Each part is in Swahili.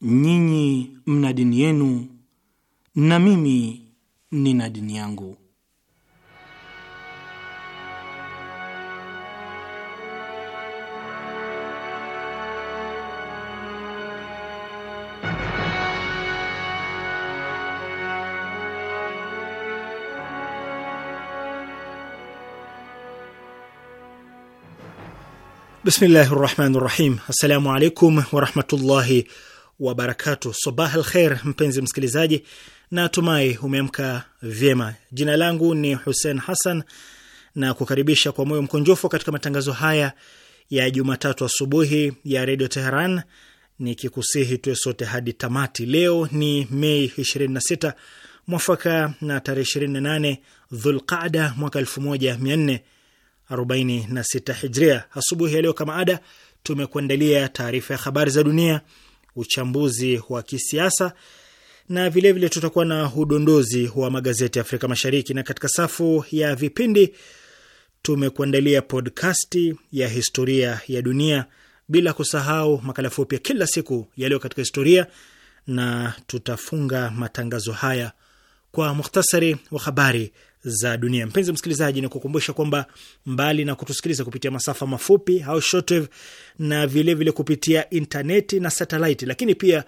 nyinyi mna dini yenu na mimi nina dini yangu. Bismillahi rahmani rahim. Assalamu alaikum warahmatullahi wabarakatu. Sabah al kher, mpenzi msikilizaji, na tumai umeamka vyema. Jina langu ni Hussein Hassan na kukaribisha kwa moyo mkunjufu katika matangazo haya ya Jumatatu asubuhi ya redio Teheran, nikikusihi tuwe sote hadi tamati. Leo ni Mei 26 mwafaka na tarehe 28 Dhulqada mwaka 1446 Hijria. Asubuhi ya leo kama ada, tumekuandalia taarifa ya habari za dunia uchambuzi wa kisiasa na vilevile vile tutakuwa na udondozi wa magazeti ya Afrika Mashariki, na katika safu ya vipindi tumekuandalia podkasti ya historia ya dunia, bila kusahau makala fupi ya kila siku yaliyo katika historia, na tutafunga matangazo haya kwa muhtasari wa habari za dunia. Mpenzi msikilizaji, ni kukumbusha kwamba mbali na kutusikiliza kupitia masafa mafupi au shortwave na vilevile vile kupitia intaneti na satelaiti, lakini pia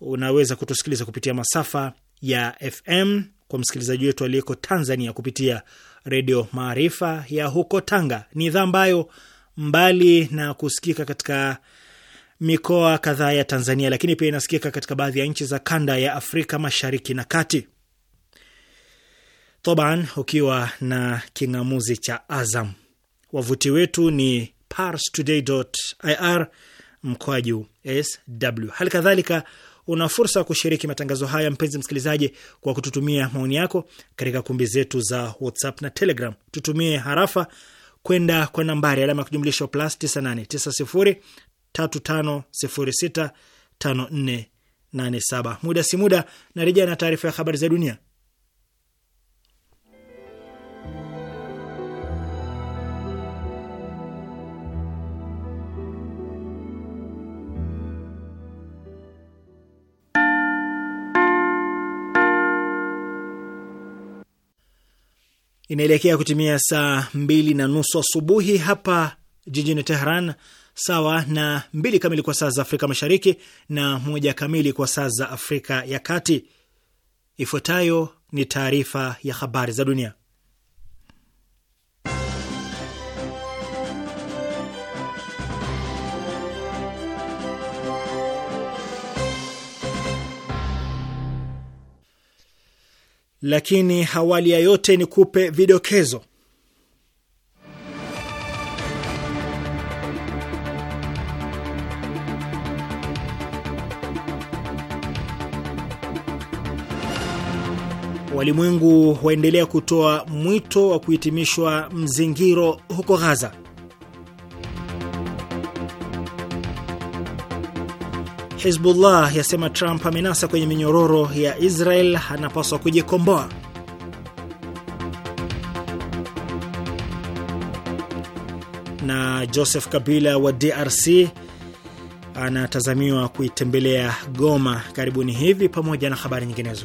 unaweza kutusikiliza kupitia masafa ya FM kwa msikilizaji wetu aliyeko Tanzania kupitia Redio Maarifa ya huko Tanga. Ni idhaa ambayo mbali na kusikika katika mikoa kadhaa ya Tanzania, lakini pia inasikika katika baadhi ya nchi za kanda ya Afrika Mashariki na Kati. Toban ukiwa na king'amuzi cha Azam. Wavuti wetu ni parstoday.ir mkwaju sw. Hali kadhalika una fursa ya kushiriki matangazo haya, mpenzi msikilizaji, kwa kututumia maoni yako katika kumbi zetu za WhatsApp na Telegram. Tutumie harafa kwenda kwa nambari alama ya kujumlisha plus 989035065487. Muda si muda narejea na taarifa ya habari za dunia. inaelekea kutimia saa mbili na nusu asubuhi hapa jijini Tehran, sawa na mbili kamili kwa saa za Afrika Mashariki na moja kamili kwa saa za Afrika ya Kati. Ifuatayo ni taarifa ya habari za dunia lakini hawali ya yote ni kupe vidokezo. Walimwengu waendelea kutoa mwito wa kuhitimishwa mzingiro huko Gaza. Hizbullah yasema Trump amenasa kwenye minyororo ya Israel, anapaswa kujikomboa. Na Joseph Kabila wa DRC anatazamiwa kuitembelea Goma karibuni hivi, pamoja na habari nyinginezo.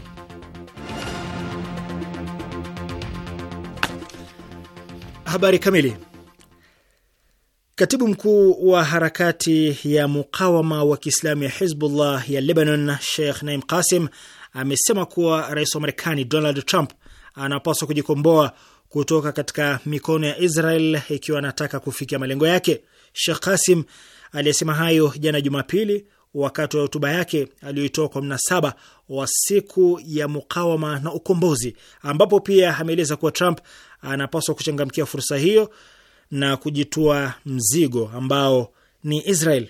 Habari kamili Katibu mkuu wa harakati ya mukawama wa Kiislamu ya Hizbullah ya Lebanon, Sheikh Naim Qasim amesema kuwa rais wa Marekani Donald Trump anapaswa kujikomboa kutoka katika mikono ya Israel ikiwa anataka kufikia malengo yake. Sheikh Qasim aliyesema hayo jana Jumapili wakati wa hotuba yake aliyoitoa kwa mnasaba wa siku ya mukawama na ukombozi, ambapo pia ameeleza kuwa Trump anapaswa kuchangamkia fursa hiyo na kujitua mzigo ambao ni Israel.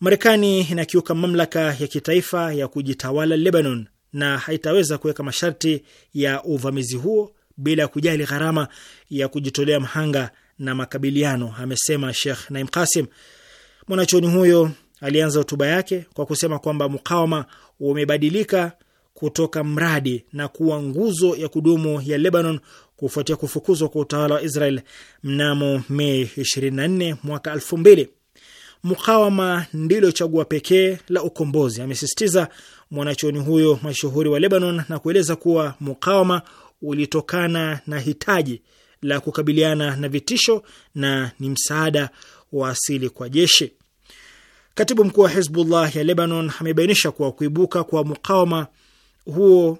Marekani inakiuka mamlaka ya kitaifa ya kujitawala Lebanon na haitaweza kuweka masharti ya uvamizi huo bila ya kujali gharama ya kujitolea mhanga na makabiliano, amesema Sheikh Naim Kasim. Mwanachuoni huyo alianza hotuba yake kwa kusema kwamba mukawama umebadilika kutoka mradi na kuwa nguzo ya kudumu ya Lebanon kufuatia kufukuzwa kwa utawala wa Israel mnamo Mei 24 mwaka 2000. Mukawama ndilo chagua pekee la ukombozi, amesisitiza mwanachuoni huyo mashuhuri wa Lebanon, na kueleza kuwa mukawama ulitokana na hitaji la kukabiliana na vitisho na ni msaada wa asili kwa jeshi. Katibu mkuu wa Hizbullah ya Lebanon amebainisha kuwa kuibuka kwa mukawama huo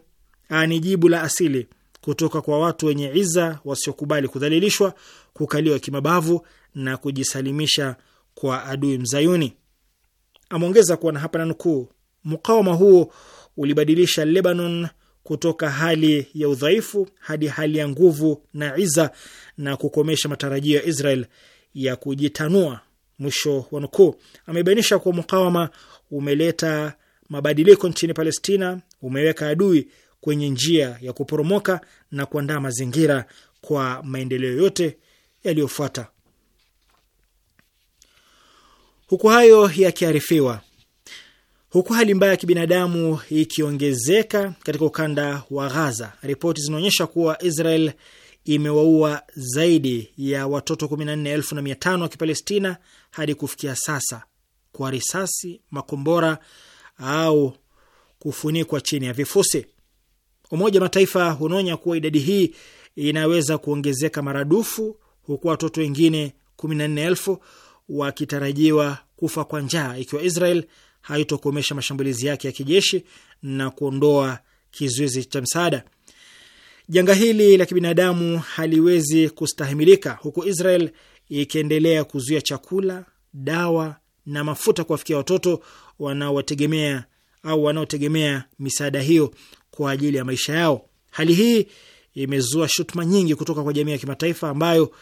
ni jibu la asili kutoka kwa watu wenye iza wasiokubali kudhalilishwa, kukaliwa kimabavu na kujisalimisha kwa adui mzayuni. Ameongeza kuwa na hapa na nukuu, mukawama huo ulibadilisha Lebanon kutoka hali ya udhaifu hadi hali ya nguvu na iza na kukomesha matarajio ya Israel ya kujitanua, mwisho wa nukuu. Amebainisha kuwa mukawama umeleta mabadiliko nchini Palestina, umeweka adui kwenye njia ya kuporomoka na kuandaa mazingira kwa maendeleo yote yaliyofuata. Huku hayo yakiarifiwa, huku hali mbaya ya kibinadamu ikiongezeka katika ukanda wa Ghaza, ripoti zinaonyesha kuwa Israel imewaua zaidi ya watoto 14,500 wa Kipalestina hadi kufikia sasa kwa risasi, makombora au kufunikwa chini ya vifusi. Umoja wa Mataifa unaonya kuwa idadi hii inaweza kuongezeka maradufu, huku watoto wengine 14,000 wakitarajiwa kufa kwa njaa ikiwa Israel haitokomesha mashambulizi yake ya kijeshi na kuondoa kizuizi cha msaada. Janga hili la kibinadamu haliwezi kustahimilika, huku Israel ikiendelea kuzuia chakula, dawa na mafuta kuwafikia watoto wanaowategemea au wanaotegemea misaada hiyo kwa ajili ya maisha yao. Hali hii imezua shutuma nyingi kutoka kwa jamii ya kimataifa ambayo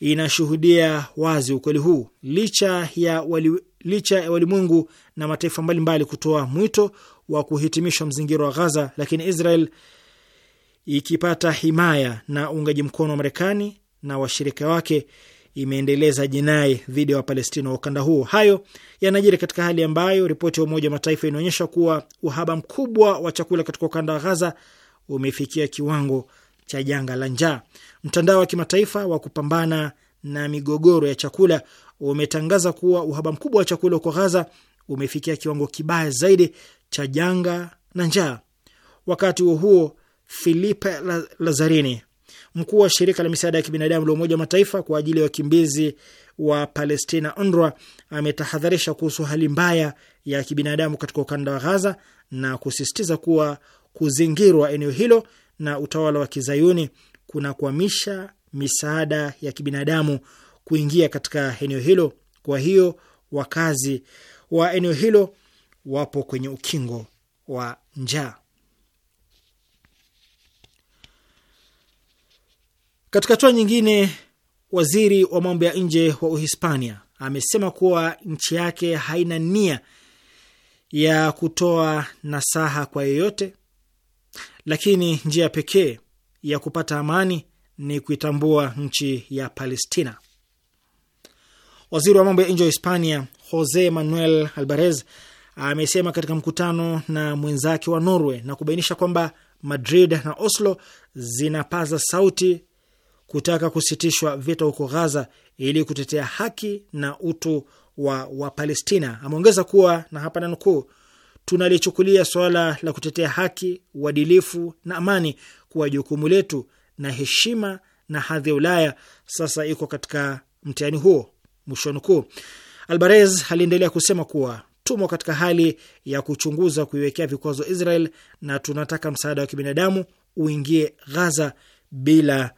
inashuhudia wazi ukweli huu, licha ya wali, licha ya walimwengu na mataifa mbalimbali kutoa mwito wa kuhitimishwa mzingiro wa Ghaza, lakini Israel ikipata himaya na uungaji mkono wa Marekani na washirika wake imeendeleza jinai dhidi ya Wapalestina wa ukanda huo. Hayo yanajiri katika hali ambayo ripoti ya Umoja wa Mataifa inaonyesha kuwa uhaba mkubwa wa chakula katika ukanda wa Ghaza umefikia kiwango cha janga la njaa. Mtandao wa kimataifa wa kupambana na migogoro ya chakula umetangaza kuwa uhaba mkubwa wa chakula huko Ghaza umefikia kiwango kibaya zaidi cha janga na njaa. Wakati huo huo, Filipe Lazarini, Mkuu wa shirika la misaada ya kibinadamu la Umoja wa Mataifa kwa ajili ya wakimbizi wa Palestina, UNRWA, ametahadharisha kuhusu hali mbaya ya kibinadamu katika ukanda wa Ghaza na kusisitiza kuwa kuzingirwa eneo hilo na utawala wa kizayuni kunakwamisha misaada ya kibinadamu kuingia katika eneo hilo. Kwa hiyo wakazi wa eneo hilo wapo kwenye ukingo wa njaa. Katika hatua nyingine, waziri wa mambo ya nje wa Uhispania amesema kuwa nchi yake haina nia ya kutoa nasaha kwa yeyote, lakini njia pekee ya kupata amani ni kuitambua nchi ya Palestina. Waziri wa mambo ya nje wa Hispania Jose Manuel albarez amesema katika mkutano na mwenzake wa Norway na kubainisha kwamba Madrid na Oslo zinapaza sauti kutaka kusitishwa vita huko Ghaza ili kutetea haki na utu wa Wapalestina. Ameongeza kuwa na hapa nanukuu, tunalichukulia suala la kutetea haki, uadilifu na amani kuwa jukumu letu, na heshima na hadhi ya Ulaya sasa iko katika mtihani huo, mwisho nukuu. Albares aliendelea kusema kuwa tumo katika hali ya kuchunguza kuiwekea vikwazo Israel na tunataka msaada wa kibinadamu uingie Ghaza bila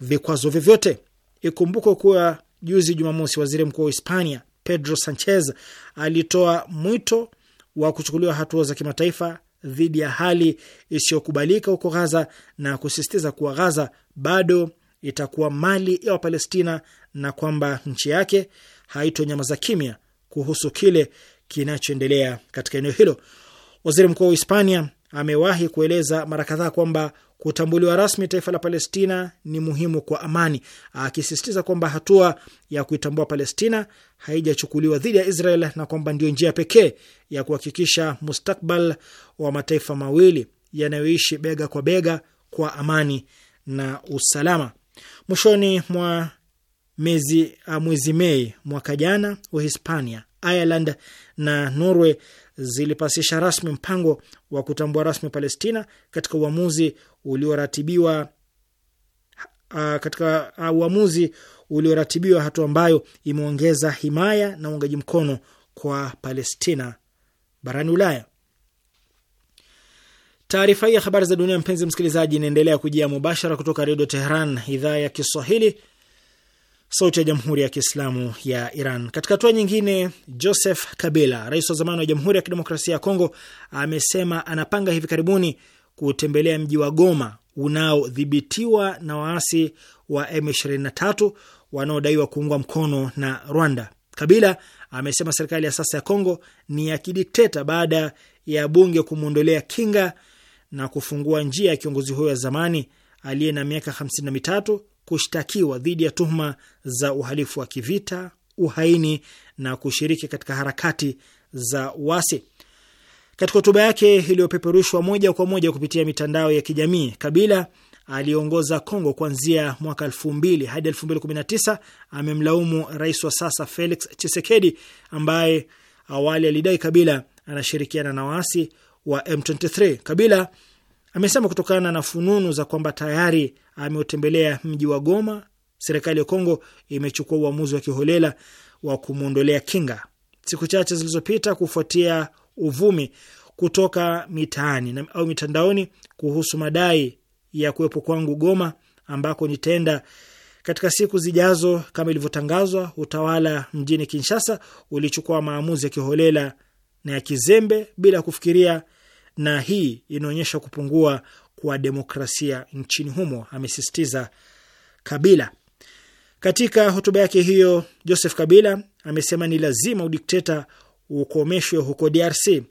vikwazo vyovyote. Ikumbukwe kuwa juzi Jumamosi, waziri mkuu wa Hispania Pedro Sanchez alitoa mwito wa kuchukuliwa hatua za kimataifa dhidi ya hali isiyokubalika huko Ghaza na kusisitiza kuwa Ghaza bado itakuwa mali ya Wapalestina na kwamba nchi yake haitonyamaza kimya kuhusu kile kinachoendelea katika eneo hilo. Waziri mkuu wa Hispania amewahi kueleza mara kadhaa kwamba kutambuliwa rasmi taifa la Palestina ni muhimu kwa amani, akisisitiza kwamba hatua ya kuitambua Palestina haijachukuliwa dhidi ya Israel na kwamba ndio njia pekee ya kuhakikisha mustakbal wa mataifa mawili yanayoishi bega kwa bega kwa amani na usalama. Mwishoni mwa mwezi ah, mwezi Mei mwaka jana, Uhispania, Ireland na Norway zilipasisha rasmi mpango wa kutambua rasmi Palestina katika uamuzi ulioratibiwa uh, katika uamuzi ulioratibiwa, hatua ambayo imeongeza himaya na uungaji mkono kwa Palestina barani Ulaya. Taarifa hii ya habari za dunia, mpenzi msikilizaji, inaendelea kujia mubashara kutoka Redio Tehran, idhaa ya Kiswahili, sauti ya Jamhuri ya Kiislamu ya Iran. Katika hatua nyingine, Joseph Kabila, rais wa zamani wa Jamhuri ya Kidemokrasia ya Kongo, amesema anapanga hivi karibuni kutembelea mji wa Goma unaodhibitiwa na waasi wa M23 wanaodaiwa kuungwa mkono na Rwanda. Kabila amesema serikali ya sasa ya Kongo ni ya kidikteta baada ya bunge kumwondolea kinga na kufungua njia ya kiongozi huyo wa zamani aliye na miaka hamsini na mitatu kushtakiwa dhidi ya tuhuma za uhalifu wa kivita, uhaini na kushiriki katika harakati za uasi. Katika hotuba yake iliyopeperushwa moja kwa moja kupitia mitandao ya kijamii, Kabila aliongoza Kongo kuanzia mwaka mbili hadi tisa. amemlaumu rais wa sasa Felix chisekedi ambaye awali alidai Kabila anashirikiana na waasi wa M23. Kabila amesema kutokana na fununu za kwamba tayari ameutembelea mji wa Goma, serikali ya Kongo imechukua uamuzi wa kiholela wa kumwondolea kinga. Siku chache zilizopita, kufuatia uvumi kutoka mitaani au mitandaoni kuhusu madai ya kuwepo kwangu Goma ambako nitaenda katika siku zijazo. Kama ilivyotangazwa, utawala mjini Kinshasa ulichukua maamuzi ya kiholela na ya kizembe bila kufikiria, na hii inaonyesha kupungua kwa demokrasia nchini humo, amesisitiza Kabila. Katika hotuba yake hiyo, Joseph Kabila amesema ni lazima udikteta ukomeshwe huko DRC,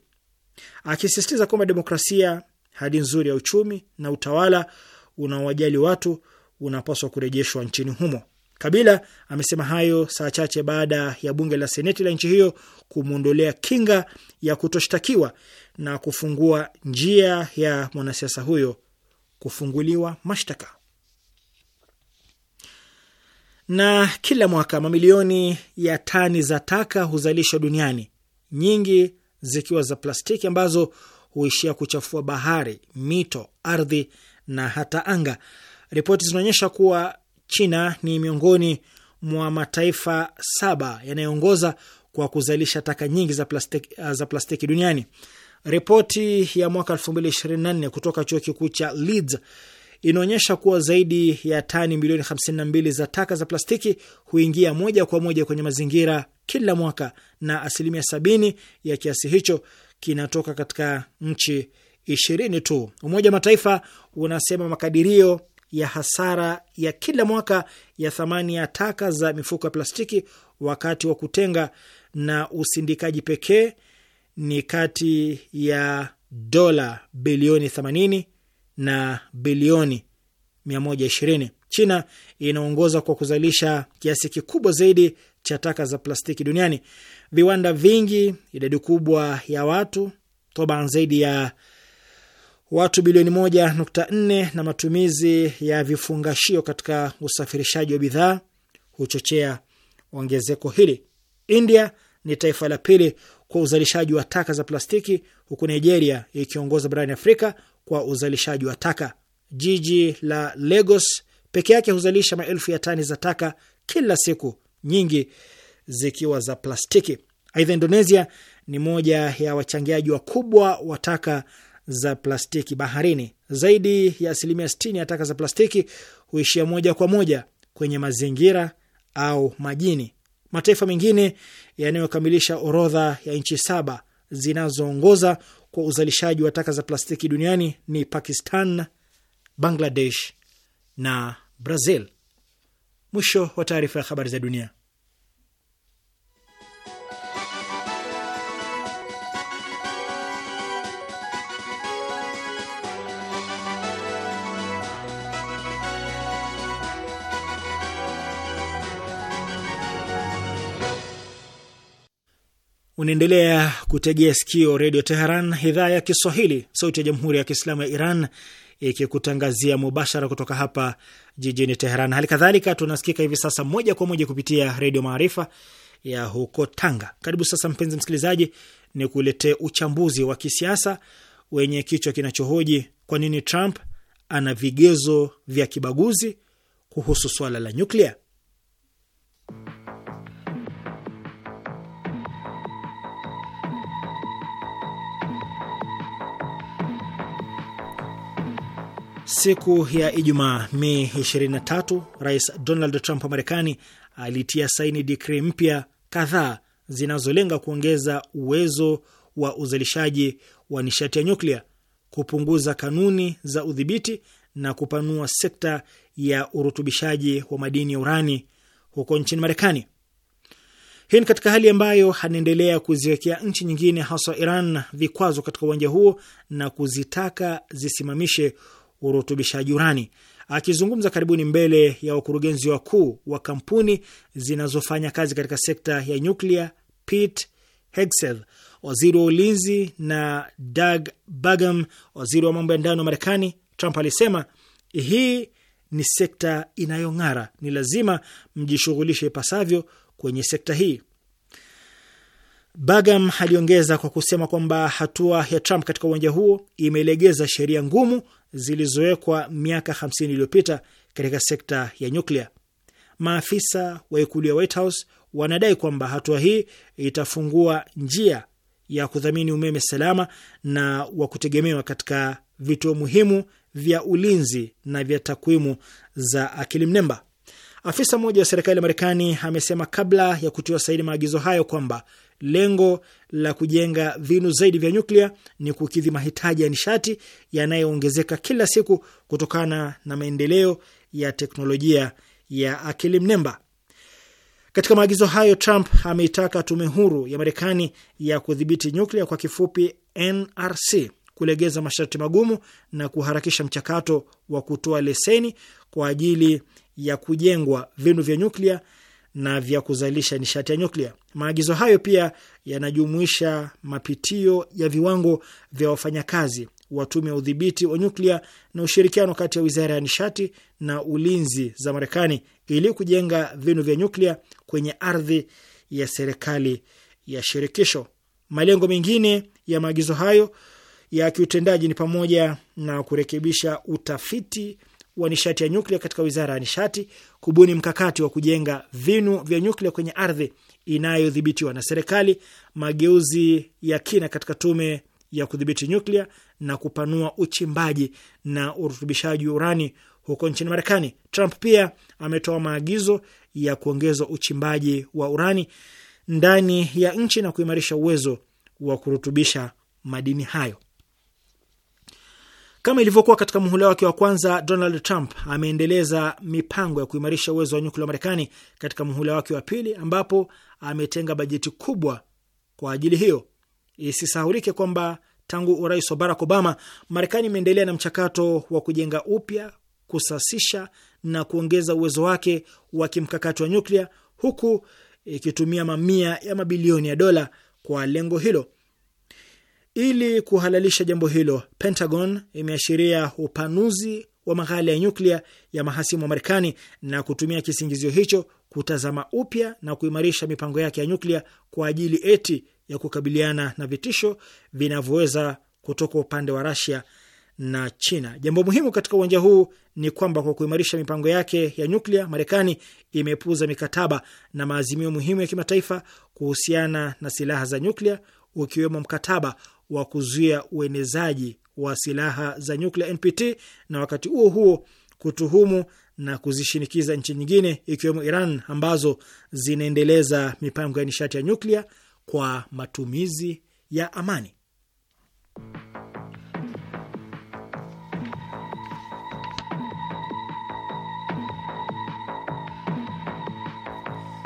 akisisitiza kwamba demokrasia, hali nzuri ya uchumi na utawala unaowajali watu unapaswa kurejeshwa nchini humo. Kabila amesema hayo saa chache baada ya bunge la seneti la nchi hiyo kumwondolea kinga ya kutoshtakiwa na kufungua njia ya mwanasiasa huyo kufunguliwa mashtaka. Na kila mwaka mamilioni ya tani za taka huzalishwa duniani nyingi zikiwa za plastiki ambazo huishia kuchafua bahari, mito, ardhi na hata anga. Ripoti zinaonyesha kuwa China ni miongoni mwa mataifa saba yanayoongoza kwa kuzalisha taka nyingi za plastiki, uh, za plastiki duniani. Ripoti ya mwaka 2024 kutoka chuo kikuu cha Leeds inaonyesha kuwa zaidi ya tani milioni 52 za taka za plastiki huingia moja kwa moja kwenye mazingira kila mwaka na asilimia sabini ya kiasi hicho kinatoka katika nchi ishirini tu. Umoja wa Mataifa unasema makadirio ya hasara ya kila mwaka ya thamani ya taka za mifuko ya plastiki wakati wa kutenga na usindikaji pekee ni kati ya dola bilioni 80 na bilioni 120. China inaongoza kwa kuzalisha kiasi kikubwa zaidi cha taka za plastiki duniani. Viwanda vingi, idadi kubwa ya watu, toban zaidi ya watu bilioni 1.4 na matumizi ya vifungashio katika usafirishaji wa bidhaa huchochea ongezeko hili. India ni taifa la pili kwa uzalishaji wa taka za plastiki huku Nigeria ikiongoza barani Afrika kwa uzalishaji wa taka. Jiji la Lagos peke yake huzalisha maelfu ya tani za taka kila siku, nyingi zikiwa za plastiki. Aidha, Indonesia ni moja ya wachangiaji wakubwa wa taka za plastiki baharini. Zaidi ya asilimia 60 ya taka za plastiki huishia moja kwa moja kwenye mazingira au majini. Mataifa mengine yanayokamilisha orodha ya nchi saba zinazoongoza kwa uzalishaji wa taka za plastiki duniani ni Pakistan, Bangladesh na Brazil. Mwisho wa taarifa ya habari za dunia. Unaendelea kutegea sikio Redio Teheran, idhaa ya Kiswahili, sauti ya Jamhuri ya Kiislamu ya Iran, ikikutangazia mubashara kutoka hapa jijini Teheran. Hali kadhalika tunasikika hivi sasa moja kwa moja kupitia Redio Maarifa ya huko Tanga. Karibu sasa, mpenzi msikilizaji, ni kuletee uchambuzi wa kisiasa wenye kichwa kinachohoji kwa nini Trump ana vigezo vya kibaguzi kuhusu swala la nyuklia. Siku ya Ijumaa, Mei 23, Rais Donald Trump wa Marekani alitia saini dikrii mpya kadhaa zinazolenga kuongeza uwezo wa uzalishaji wa nishati ya nyuklia, kupunguza kanuni za udhibiti na kupanua sekta ya urutubishaji wa madini ya urani huko nchini Marekani. Hii ni katika hali ambayo anaendelea kuziwekea nchi nyingine, haswa Iran, vikwazo katika uwanja huo na kuzitaka zisimamishe urutubishaji urani. Akizungumza karibuni mbele ya wakurugenzi wakuu wa kampuni zinazofanya kazi katika sekta ya nyuklia, Pete Hegseth, waziri wa ulinzi, na Doug Burgum, waziri wa mambo ya ndani wa Marekani, Trump alisema hii ni sekta inayong'ara, ni lazima mjishughulishe ipasavyo kwenye sekta hii. Bagam aliongeza kwa kusema kwamba hatua ya Trump katika uwanja huo imelegeza sheria ngumu zilizowekwa miaka 50 iliyopita katika sekta ya nyuklia. Maafisa wa ikulu ya White House wanadai kwamba hatua hii itafungua njia ya kudhamini umeme salama na wa kutegemewa katika vituo muhimu vya ulinzi na vya takwimu za akili mnemba. Afisa mmoja wa serikali ya Marekani amesema kabla ya kutiwa saini maagizo hayo kwamba lengo la kujenga vinu zaidi vya nyuklia ni kukidhi mahitaji ya nishati yanayoongezeka kila siku kutokana na maendeleo ya teknolojia ya akili mnemba. Katika maagizo hayo, Trump ameitaka tume huru ya Marekani ya kudhibiti nyuklia kwa kifupi NRC kulegeza masharti magumu na kuharakisha mchakato wa kutoa leseni kwa ajili ya kujengwa vinu vya nyuklia na vya kuzalisha nishati ya nyuklia. Maagizo hayo pia yanajumuisha mapitio ya viwango vya wafanyakazi wa udhibiti wa nyuklia na ushirikiano kati ya wizara ya nishati na ulinzi za Marekani ili kujenga vinu vya nyuklia kwenye ardhi ya serikali ya shirikisho. Malengo mengine ya maagizo hayo ya kiutendaji ni pamoja na kurekebisha utafiti wa nishati ya nyuklia katika wizara ya nishati, kubuni mkakati wa kujenga vinu vya nyuklia kwenye ardhi inayodhibitiwa na serikali, mageuzi ya kina katika tume ya kudhibiti nyuklia na kupanua uchimbaji na urutubishaji wa urani huko nchini Marekani. Trump pia ametoa maagizo ya kuongezwa uchimbaji wa urani ndani ya nchi na kuimarisha uwezo wa kurutubisha madini hayo. Kama ilivyokuwa katika muhula wake wa kwanza, Donald Trump ameendeleza mipango ya kuimarisha uwezo wa nyuklia wa Marekani katika muhula wake wa pili, ambapo ametenga bajeti kubwa kwa ajili hiyo. Isisahulike kwamba tangu urais wa Barack Obama, Marekani imeendelea na mchakato wa kujenga upya, kusasisha na kuongeza uwezo wake wa kimkakati wa nyuklia, huku ikitumia mamia ya mabilioni ya dola kwa lengo hilo. Ili kuhalalisha jambo hilo, Pentagon imeashiria upanuzi wa maghala ya nyuklia ya mahasimu wa Marekani na kutumia kisingizio hicho kutazama upya na kuimarisha mipango yake ya nyuklia kwa ajili eti ya kukabiliana na vitisho vinavyoweza kutoka upande wa Rasia na China. Jambo muhimu katika uwanja huu ni kwamba kwa kuimarisha mipango yake ya nyuklia, Marekani imepuuza mikataba na maazimio muhimu ya kimataifa kuhusiana na silaha za nyuklia, ukiwemo mkataba wa kuzuia uenezaji wa silaha za nyuklia NPT, na wakati huo huo kutuhumu na kuzishinikiza nchi nyingine ikiwemo Iran ambazo zinaendeleza mipango ya nishati ya nyuklia kwa matumizi ya amani.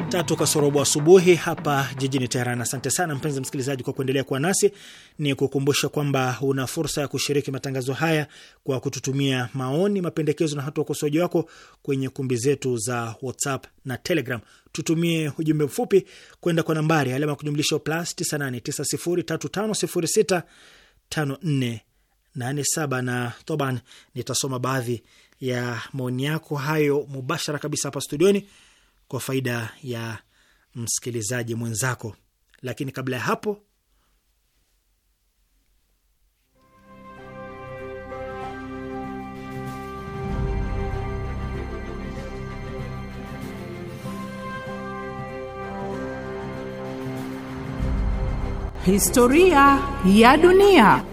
tatu kasorobo asubuhi hapa jijini Teheran. Asante sana mpenzi msikilizaji kwa kuendelea kuwa nasi. Ni kukumbusha kwamba una fursa ya kushiriki matangazo haya kwa kututumia maoni, mapendekezo na hata ukosoaji wako kwenye kumbi zetu za WhatsApp na Telegram. Tutumie ujumbe mfupi kwenda kwa nambari alama ya kujumlisha plus 989035065487 na toban, nitasoma baadhi ya maoni yako hayo mubashara kabisa hapa studioni kwa faida ya msikilizaji mwenzako. Lakini kabla ya hapo Historia ya dunia.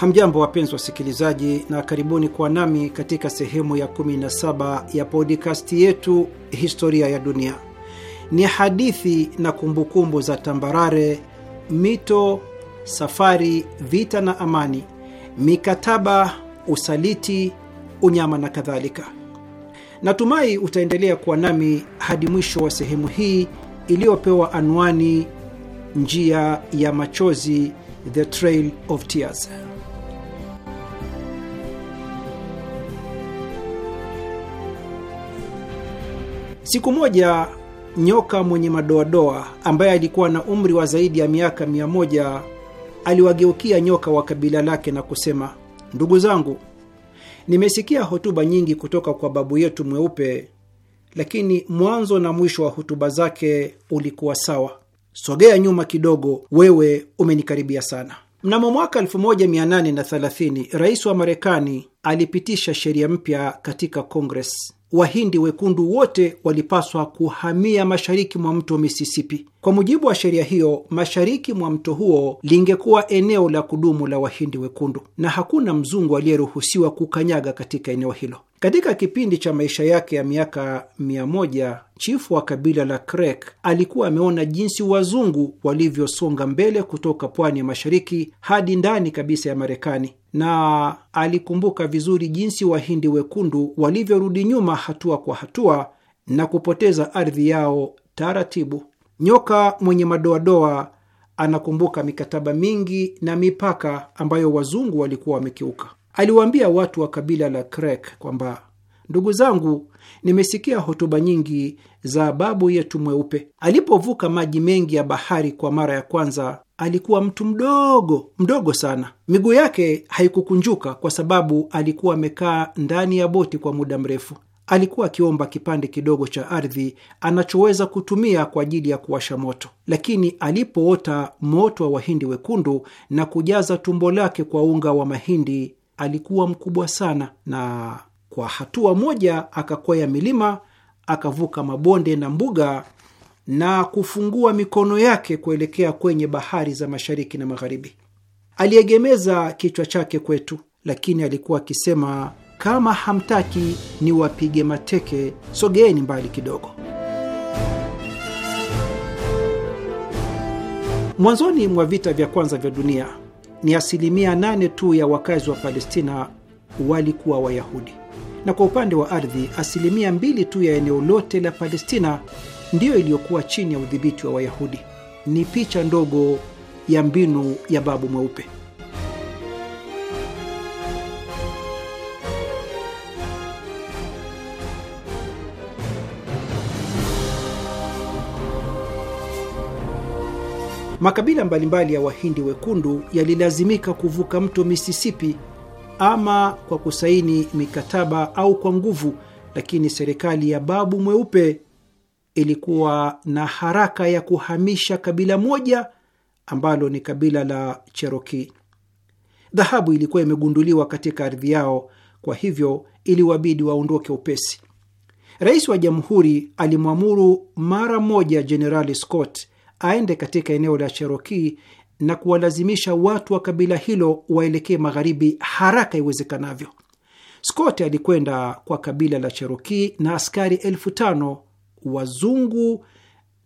Hamjambo, wapenzi wasikilizaji, na karibuni kwa nami katika sehemu ya 17 ya podikasti yetu historia ya dunia. Ni hadithi na kumbukumbu za tambarare, mito, safari, vita na amani, mikataba, usaliti, unyama na kadhalika. Natumai utaendelea kuwa nami hadi mwisho wa sehemu hii iliyopewa anwani njia ya machozi, the trail of tears. Siku moja nyoka mwenye madoadoa ambaye alikuwa na umri wa zaidi ya miaka mia moja aliwageukia nyoka wa kabila lake na kusema, ndugu zangu, nimesikia hotuba nyingi kutoka kwa babu yetu mweupe, lakini mwanzo na mwisho wa hotuba zake ulikuwa sawa. Sogea nyuma kidogo, wewe umenikaribia sana. Mnamo mwaka 1830 rais wa Marekani alipitisha sheria mpya katika Kongres Wahindi wekundu wote walipaswa kuhamia mashariki mwa mto Misisipi. Kwa mujibu wa sheria hiyo, mashariki mwa mto huo lingekuwa eneo la kudumu la Wahindi wekundu na hakuna mzungu aliyeruhusiwa kukanyaga katika eneo hilo. Katika kipindi cha maisha yake ya miaka mia moja, chifu wa kabila la Krek alikuwa ameona jinsi wazungu walivyosonga mbele kutoka pwani ya mashariki hadi ndani kabisa ya Marekani, na alikumbuka vizuri jinsi Wahindi wekundu walivyorudi nyuma hatua kwa hatua na kupoteza ardhi yao taratibu. Nyoka mwenye madoadoa anakumbuka mikataba mingi na mipaka ambayo wazungu walikuwa wamekiuka aliwaambia watu wa kabila la Krek kwamba ndugu zangu, nimesikia hotuba nyingi za babu yetu mweupe. Alipovuka maji mengi ya bahari kwa mara ya kwanza, alikuwa mtu mdogo mdogo sana. Miguu yake haikukunjuka kwa sababu alikuwa amekaa ndani ya boti kwa muda mrefu. Alikuwa akiomba kipande kidogo cha ardhi anachoweza kutumia kwa ajili ya kuwasha moto, lakini alipoota moto wa wahindi wekundu na kujaza tumbo lake kwa unga wa mahindi alikuwa mkubwa sana, na kwa hatua moja akakwea milima, akavuka mabonde na mbuga na kufungua mikono yake kuelekea kwenye bahari za mashariki na magharibi. Aliegemeza kichwa chake kwetu, lakini alikuwa akisema, kama hamtaki niwapige mateke, sogeeni mbali kidogo. Mwanzoni mwa vita vya kwanza vya dunia ni asilimia nane tu ya wakazi wa Palestina walikuwa Wayahudi, na kwa upande wa ardhi asilimia mbili tu ya eneo lote la Palestina ndiyo iliyokuwa chini ya udhibiti wa Wayahudi. Ni picha ndogo ya mbinu ya babu mweupe. Makabila mbalimbali ya Wahindi wekundu yalilazimika kuvuka mto Misisipi ama kwa kusaini mikataba au kwa nguvu, lakini serikali ya Babu Mweupe ilikuwa na haraka ya kuhamisha kabila moja ambalo ni kabila la Cherokee. Dhahabu ilikuwa imegunduliwa katika ardhi yao, kwa hivyo iliwabidi waondoke upesi. Rais wa jamhuri alimwamuru mara moja Jenerali Scott aende katika eneo la Cherokii na kuwalazimisha watu wa kabila hilo waelekee magharibi haraka iwezekanavyo. Scott alikwenda kwa kabila la Cherokii na askari elfu tano wazungu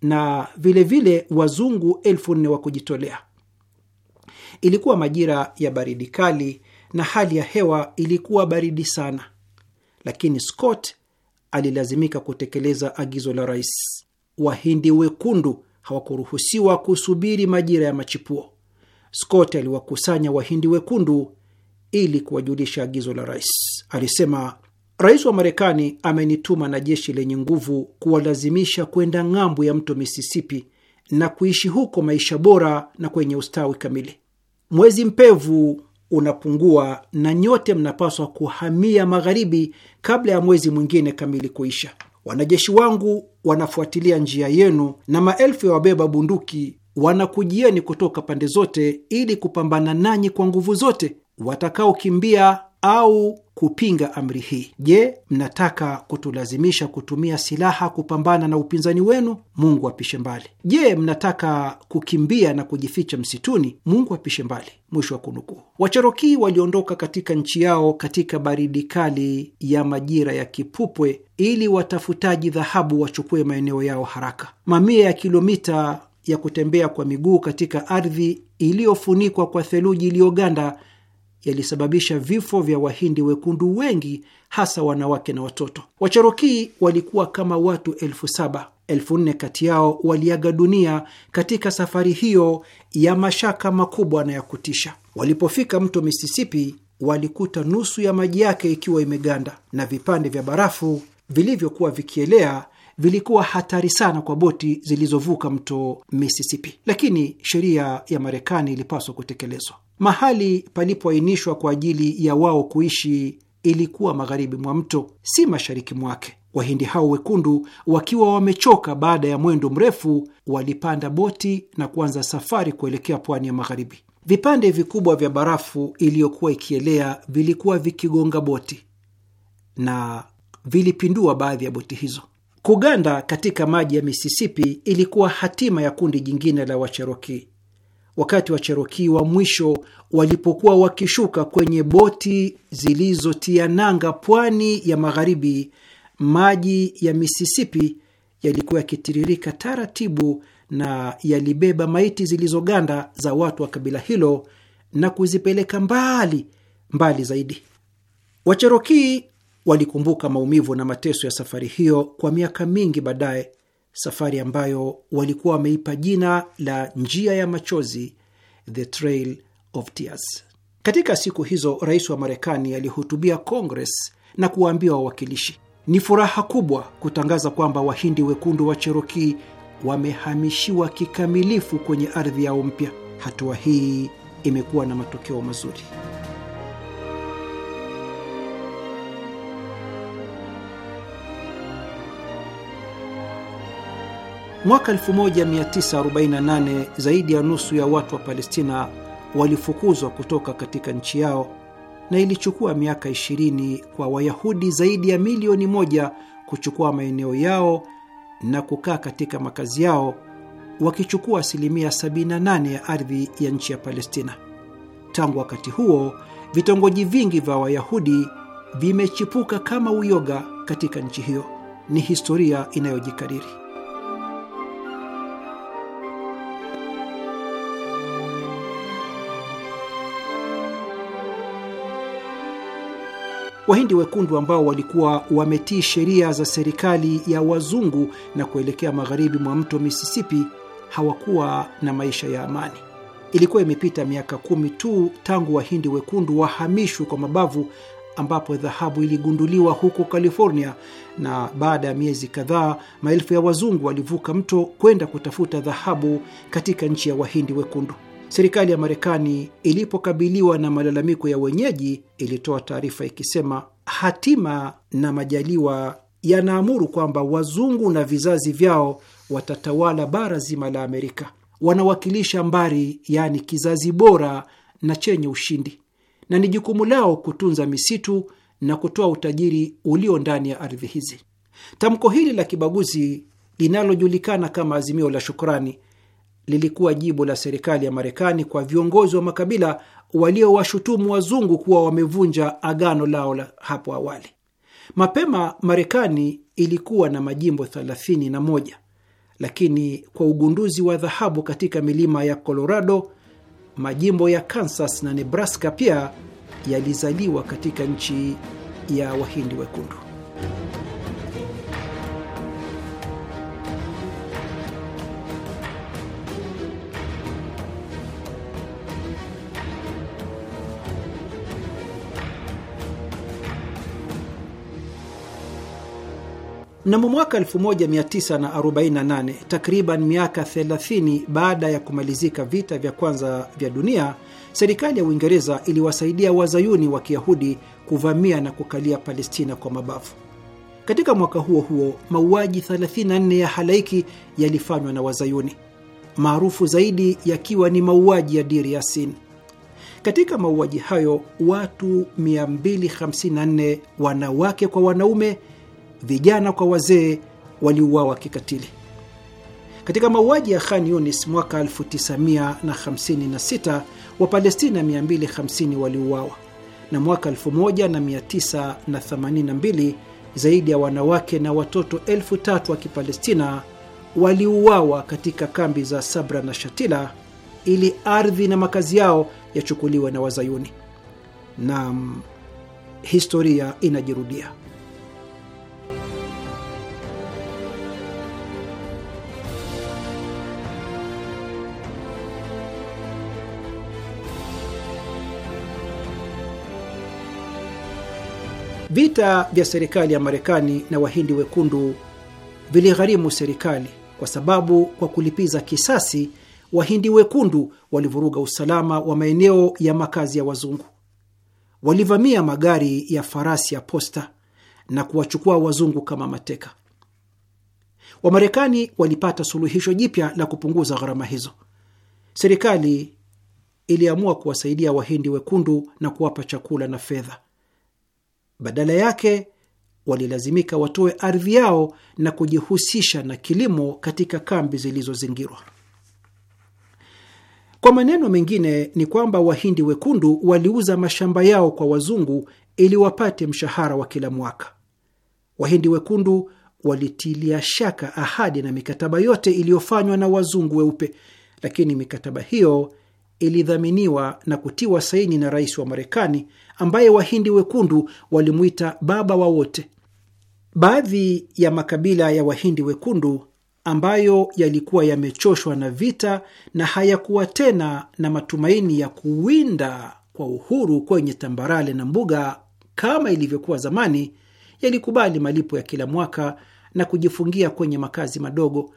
na vilevile vile wazungu elfu nne wa kujitolea. Ilikuwa majira ya baridi kali na hali ya hewa ilikuwa baridi sana, lakini Scott alilazimika kutekeleza agizo la rais. Wahindi wekundu hawakuruhusiwa kusubiri majira ya machipuo. Scott aliwakusanya Wahindi wekundu ili kuwajulisha agizo la rais. Alisema, rais wa Marekani amenituma na jeshi lenye nguvu kuwalazimisha kwenda ng'ambo ya mto Mississippi na kuishi huko maisha bora na kwenye ustawi kamili. Mwezi mpevu unapungua na nyote mnapaswa kuhamia magharibi kabla ya mwezi mwingine kamili kuisha. Wanajeshi wangu wanafuatilia njia yenu na maelfu ya wabeba bunduki wanakujieni kutoka pande zote ili kupambana nanyi kwa nguvu zote. Watakaokimbia au kupinga amri hii? Je, mnataka kutulazimisha kutumia silaha kupambana na upinzani wenu? Mungu apishe mbali. Je, mnataka kukimbia na kujificha msituni? Mungu apishe mbali. Mwisho wa kunukuu. Wacherokii waliondoka katika nchi yao katika baridi kali ya majira ya kipupwe, ili watafutaji dhahabu wachukue maeneo yao haraka. Mamia ya kilomita ya kutembea kwa miguu katika ardhi iliyofunikwa kwa theluji iliyoganda yalisababisha vifo vya Wahindi wekundu wengi, hasa wanawake na watoto. Wacherokii walikuwa kama watu elfu saba. Elfu nne kati yao waliaga dunia katika safari hiyo ya mashaka makubwa na ya kutisha. Walipofika mto Misisipi, walikuta nusu ya maji yake ikiwa imeganda na vipande vya barafu vilivyokuwa vikielea vilikuwa hatari sana kwa boti zilizovuka mto Misisipi, lakini sheria ya Marekani ilipaswa kutekelezwa. Mahali palipoainishwa kwa ajili ya wao kuishi ilikuwa magharibi mwa mto, si mashariki mwake. Wahindi hao wekundu wakiwa wamechoka baada ya mwendo mrefu, walipanda boti na kuanza safari kuelekea pwani ya magharibi. Vipande vikubwa vya barafu iliyokuwa ikielea vilikuwa vikigonga boti na vilipindua baadhi ya boti hizo. Kuganda katika maji ya Misisipi ilikuwa hatima ya kundi jingine la Wacheroki wakati Wacherokii wa mwisho walipokuwa wakishuka kwenye boti zilizotia nanga pwani ya magharibi, maji ya Misisipi yalikuwa yakitiririka taratibu na yalibeba maiti zilizoganda za watu wa kabila hilo na kuzipeleka mbali mbali zaidi. Wacherokii walikumbuka maumivu na mateso ya safari hiyo kwa miaka mingi baadaye safari ambayo walikuwa wameipa jina la njia ya machozi, the trail of tears. Katika siku hizo rais wa Marekani alihutubia Congress na kuwaambia wawakilishi, ni furaha kubwa kutangaza kwamba wahindi wekundu wa Cherokii wamehamishiwa kikamilifu kwenye ardhi yao mpya. Hatua hii imekuwa na matokeo mazuri. Mwaka 1948 zaidi ya nusu ya watu wa Palestina walifukuzwa kutoka katika nchi yao na ilichukua miaka 20 kwa Wayahudi zaidi ya milioni moja kuchukua maeneo yao na kukaa katika makazi yao wakichukua asilimia 78 ya ardhi ya nchi ya Palestina. Tangu wakati huo, vitongoji vingi vya Wayahudi vimechipuka kama uyoga katika nchi hiyo. Ni historia inayojikariri. Wahindi wekundu ambao walikuwa wametii sheria za serikali ya wazungu na kuelekea magharibi mwa mto Misisipi hawakuwa na maisha ya amani. Ilikuwa imepita miaka kumi tu tangu wahindi wekundu wahamishwe kwa mabavu, ambapo dhahabu iligunduliwa huko California, na baada ya miezi kadhaa maelfu ya wazungu walivuka mto kwenda kutafuta dhahabu katika nchi ya wahindi wekundu. Serikali ya Marekani ilipokabiliwa na malalamiko ya wenyeji, ilitoa taarifa ikisema, hatima na majaliwa yanaamuru kwamba wazungu na vizazi vyao watatawala bara zima la Amerika, wanawakilisha mbari, yaani kizazi bora na chenye ushindi, na ni jukumu lao kutunza misitu na kutoa utajiri ulio ndani ya ardhi hizi. Tamko hili la kibaguzi linalojulikana kama azimio la shukrani lilikuwa jibu la serikali ya Marekani kwa viongozi wa makabila waliowashutumu wazungu kuwa wamevunja agano lao la hapo awali. Mapema Marekani ilikuwa na majimbo 31 lakini kwa ugunduzi wa dhahabu katika milima ya Colorado, majimbo ya Kansas na Nebraska pia yalizaliwa katika nchi ya wahindi wekundu. Mnamo mwaka 1948 takriban miaka 30 baada ya kumalizika vita vya kwanza vya dunia, serikali ya Uingereza iliwasaidia wazayuni wa kiyahudi kuvamia na kukalia Palestina kwa mabavu. Katika mwaka huo huo mauaji 34 ya halaiki yalifanywa na wazayuni, maarufu zaidi yakiwa ni mauaji ya Diri Yasin. Katika mauaji hayo watu 254 wanawake kwa wanaume vijana kwa wazee, waliuawa kikatili. Katika mauaji ya Khan Yunis mwaka 1956 Wapalestina 250 waliuawa na mwaka 1982 zaidi ya wanawake na watoto elfu tatu wa Kipalestina waliuawa katika kambi za Sabra na Shatila ili ardhi na makazi yao yachukuliwe na Wazayuni. Naam, historia inajirudia. Vita vya serikali ya Marekani na wahindi wekundu viligharimu serikali kwa sababu, kwa kulipiza kisasi, wahindi wekundu walivuruga usalama wa maeneo ya makazi ya wazungu. Walivamia magari ya farasi ya posta na kuwachukua wazungu kama mateka. Wamarekani walipata suluhisho jipya la kupunguza gharama hizo. Serikali iliamua kuwasaidia wahindi wekundu na kuwapa chakula na fedha. Badala yake walilazimika watoe ardhi yao na kujihusisha na kilimo katika kambi zilizozingirwa. Kwa maneno mengine, ni kwamba Wahindi wekundu waliuza mashamba yao kwa wazungu ili wapate mshahara wa kila mwaka. Wahindi wekundu walitilia shaka ahadi na mikataba yote iliyofanywa na wazungu weupe, lakini mikataba hiyo ilidhaminiwa na kutiwa saini na rais wa Marekani ambaye Wahindi wekundu walimwita baba wa wote. Baadhi ya makabila ya Wahindi wekundu ambayo yalikuwa yamechoshwa na vita na hayakuwa tena na matumaini ya kuwinda kwa uhuru kwenye tambarale na mbuga kama ilivyokuwa zamani, yalikubali malipo ya kila mwaka na kujifungia kwenye makazi madogo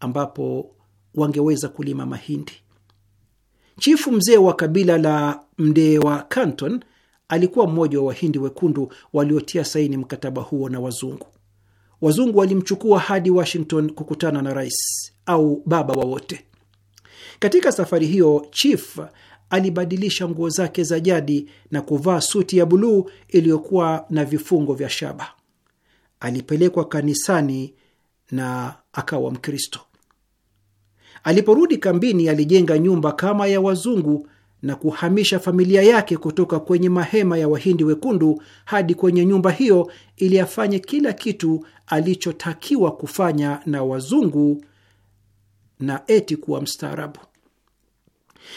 ambapo wangeweza kulima mahindi. Chifu mzee wa kabila la wa Canton alikuwa mmoja wa Wahindi wekundu waliotia saini mkataba huo na wazungu. Wazungu walimchukua hadi Washington kukutana na rais au baba wa wote. Katika safari hiyo, Chief alibadilisha nguo zake za jadi na kuvaa suti ya buluu iliyokuwa na vifungo vya shaba. Alipelekwa kanisani na akawa Mkristo. Aliporudi kambini, alijenga nyumba kama ya wazungu na kuhamisha familia yake kutoka kwenye mahema ya Wahindi wekundu hadi kwenye nyumba hiyo ili afanye kila kitu alichotakiwa kufanya na wazungu na eti kuwa mstaarabu.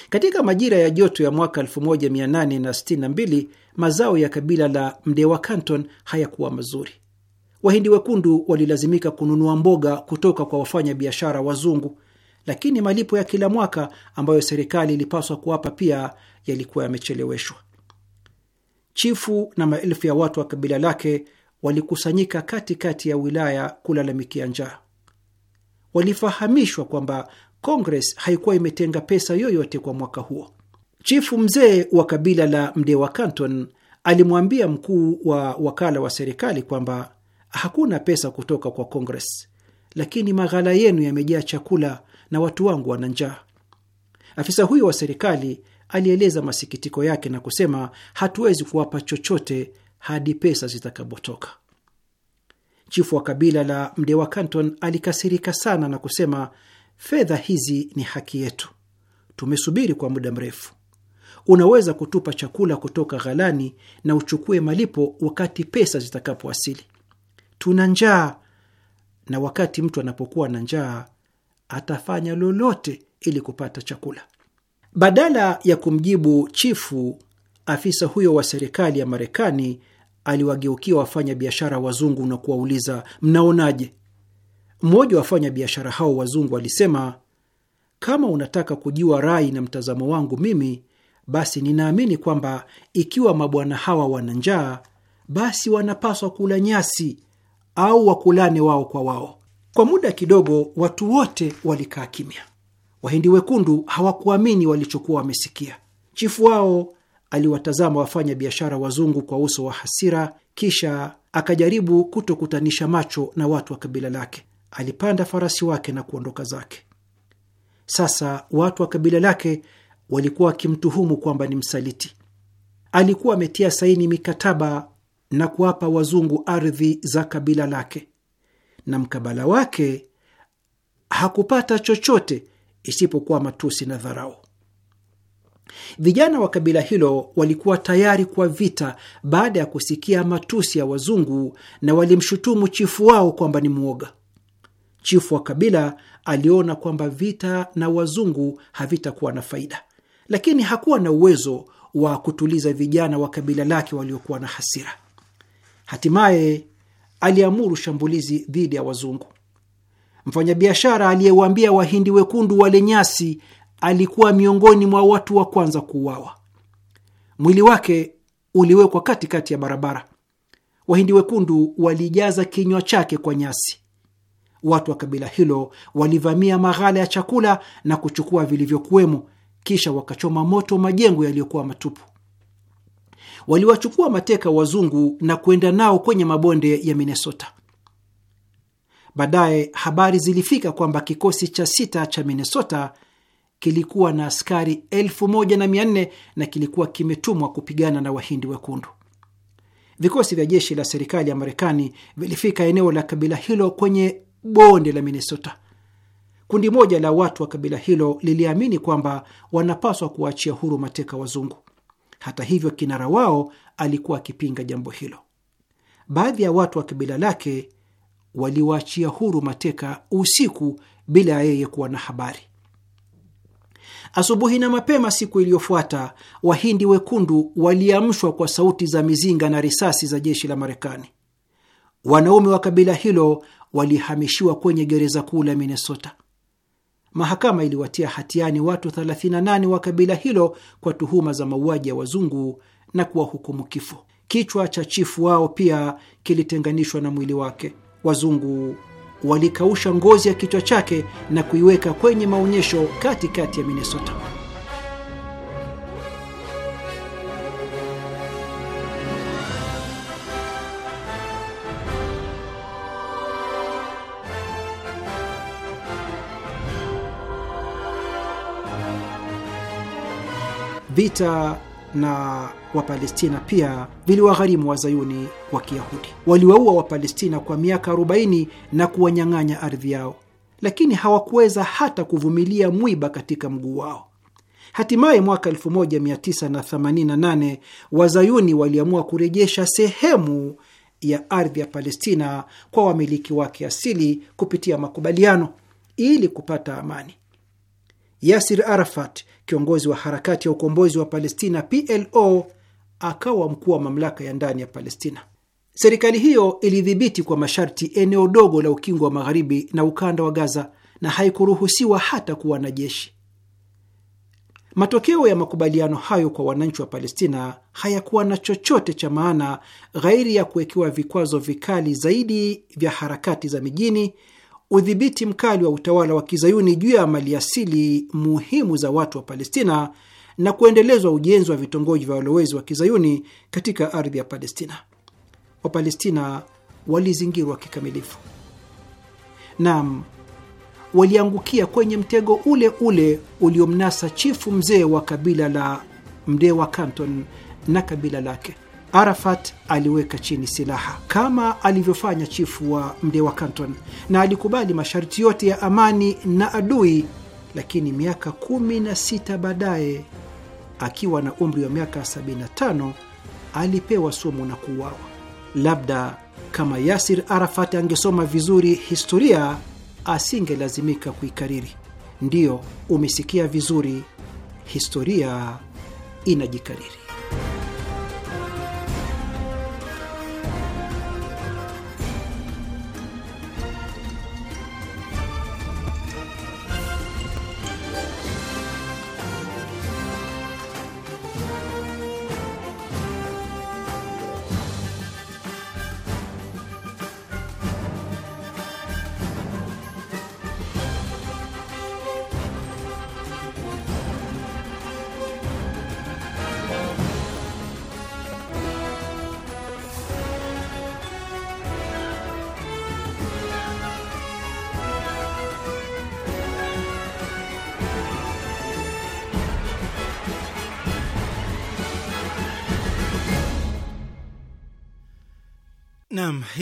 Katika majira ya joto ya mwaka 1862 mazao ya kabila la Mdewa Canton hayakuwa mazuri. Wahindi wekundu walilazimika kununua mboga kutoka kwa wafanya biashara wazungu lakini malipo ya kila mwaka ambayo serikali ilipaswa kuwapa pia yalikuwa yamecheleweshwa. Chifu na maelfu ya watu wa kabila lake walikusanyika katikati ya wilaya kulalamikia njaa. Walifahamishwa kwamba Kongres haikuwa imetenga pesa yoyote kwa mwaka huo. Chifu mzee wa kabila la Mdewa Canton alimwambia mkuu wa wakala wa serikali kwamba hakuna pesa kutoka kwa Kongres, lakini maghala yenu yamejaa chakula na watu wangu wana njaa. Afisa huyo wa serikali alieleza masikitiko yake na kusema, hatuwezi kuwapa chochote hadi pesa zitakapotoka. Chifu wa kabila la wa Canton alikasirika sana na kusema, fedha hizi ni haki yetu, tumesubiri kwa muda mrefu. Unaweza kutupa chakula kutoka ghalani na uchukue malipo wakati pesa zitakapowasili. Tuna njaa, na wakati mtu anapokuwa na njaa atafanya lolote ili kupata chakula. Badala ya kumjibu chifu, afisa huyo wa serikali ya Marekani aliwageukia wafanya biashara wazungu na kuwauliza mnaonaje? Mmoja wa wafanya biashara hao wazungu alisema, kama unataka kujua rai na mtazamo wangu mimi, basi ninaamini kwamba ikiwa mabwana hawa wana njaa, basi wanapaswa kula nyasi au wakulane wao kwa wao. Kwa muda kidogo, watu wote walikaa kimya. Wahindi wekundu hawakuamini walichokuwa wamesikia. Chifu wao aliwatazama wafanya biashara wazungu kwa uso wa hasira, kisha akajaribu kutokutanisha macho na watu wa kabila lake. Alipanda farasi wake na kuondoka zake. Sasa watu wa kabila lake walikuwa wakimtuhumu kwamba ni msaliti. Alikuwa ametia saini mikataba na kuwapa wazungu ardhi za kabila lake na mkabala wake hakupata chochote isipokuwa matusi na dharau. Vijana wa kabila hilo walikuwa tayari kwa vita baada ya kusikia matusi ya wazungu, na walimshutumu chifu wao kwamba ni mwoga. Chifu wa kabila aliona kwamba vita na wazungu havitakuwa na faida, lakini hakuwa na uwezo wa kutuliza vijana wa kabila lake waliokuwa na hasira. Hatimaye aliamuru shambulizi dhidi ya wazungu. Mfanyabiashara aliyewaambia Wahindi wekundu wale nyasi alikuwa miongoni mwa watu wa kwanza kuuawa. Mwili wake uliwekwa katikati ya barabara. Wahindi wekundu walijaza kinywa chake kwa nyasi. Watu wa kabila hilo walivamia maghala ya chakula na kuchukua vilivyokuwemo, kisha wakachoma moto majengo yaliyokuwa matupu waliwachukua mateka wazungu na kwenda nao kwenye mabonde ya Minnesota. Baadaye habari zilifika kwamba kikosi cha sita cha Minnesota kilikuwa na askari elfu moja na mia nne na kilikuwa kimetumwa kupigana na wahindi wekundu. Vikosi vya jeshi la serikali ya Marekani vilifika eneo la kabila hilo kwenye bonde la Minnesota. Kundi moja la watu wa kabila hilo liliamini kwamba wanapaswa kuwaachia huru mateka wazungu. Hata hivyo, kinara wao alikuwa akipinga jambo hilo. Baadhi ya watu wa kabila lake waliwaachia huru mateka usiku bila ya yeye kuwa na habari. Asubuhi na mapema siku iliyofuata, Wahindi wekundu waliamshwa kwa sauti za mizinga na risasi za jeshi la Marekani. Wanaume wa kabila hilo walihamishiwa kwenye gereza kuu la Minnesota. Mahakama iliwatia hatiani watu 38 wa kabila hilo kwa tuhuma za mauaji ya wazungu na kuwahukumu kifo. Kichwa cha chifu wao pia kilitenganishwa na mwili wake. Wazungu walikausha ngozi ya kichwa chake na kuiweka kwenye maonyesho katikati ya Minnesota. vita na Wapalestina pia viliwagharimu wazayuni wa Kiyahudi. Waliwaua Wapalestina kwa miaka 40 na kuwanyang'anya ardhi yao, lakini hawakuweza hata kuvumilia mwiba katika mguu wao. Hatimaye mwaka 1988 wazayuni waliamua kurejesha sehemu ya ardhi ya Palestina kwa wamiliki wake asili kupitia makubaliano ili kupata amani. Yasir Arafat, kiongozi wa harakati ya ukombozi wa Palestina PLO, akawa mkuu wa mamlaka ya ndani ya Palestina. Serikali hiyo ilidhibiti kwa masharti eneo dogo la ukingo wa magharibi na ukanda wa Gaza na haikuruhusiwa hata kuwa na jeshi. Matokeo ya makubaliano hayo kwa wananchi wa Palestina hayakuwa na chochote cha maana ghairi ya kuwekewa vikwazo vikali zaidi vya harakati za mijini udhibiti mkali wa utawala wa kizayuni juu ya maliasili muhimu za watu wa Palestina na kuendelezwa ujenzi wa vitongoji vya walowezi wa kizayuni katika ardhi ya Palestina. Wapalestina walizingirwa kikamilifu. Naam, waliangukia kwenye mtego ule ule uliomnasa chifu mzee wa kabila la mdee wa Canton na kabila lake. Arafat aliweka chini silaha kama alivyofanya chifu wa Mdewa Canton na alikubali masharti yote ya amani na adui, lakini miaka kumi na sita baadaye akiwa na umri wa miaka 75 alipewa sumu na kuuawa. Labda kama Yasir Arafat angesoma vizuri historia asingelazimika kuikariri. Ndiyo, umesikia vizuri, historia inajikariri.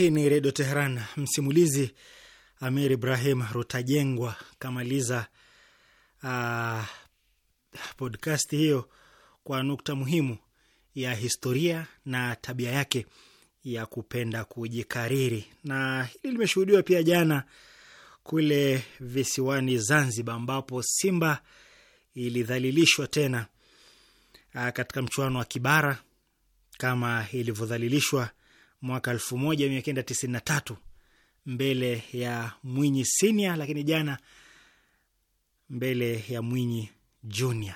Hii ni Redio Teheran. Msimulizi Amir Ibrahim Rutajengwa kamaliza uh, podcast hiyo kwa nukta muhimu ya historia na tabia yake ya kupenda kujikariri, na hili limeshuhudiwa pia jana kule visiwani Zanzibar, ambapo Simba ilidhalilishwa tena ah, katika mchuano wa kibara kama ilivyodhalilishwa mwaka 1993 mbele ya Mwinyi Senior, lakini jana mbele ya Mwinyi Junior.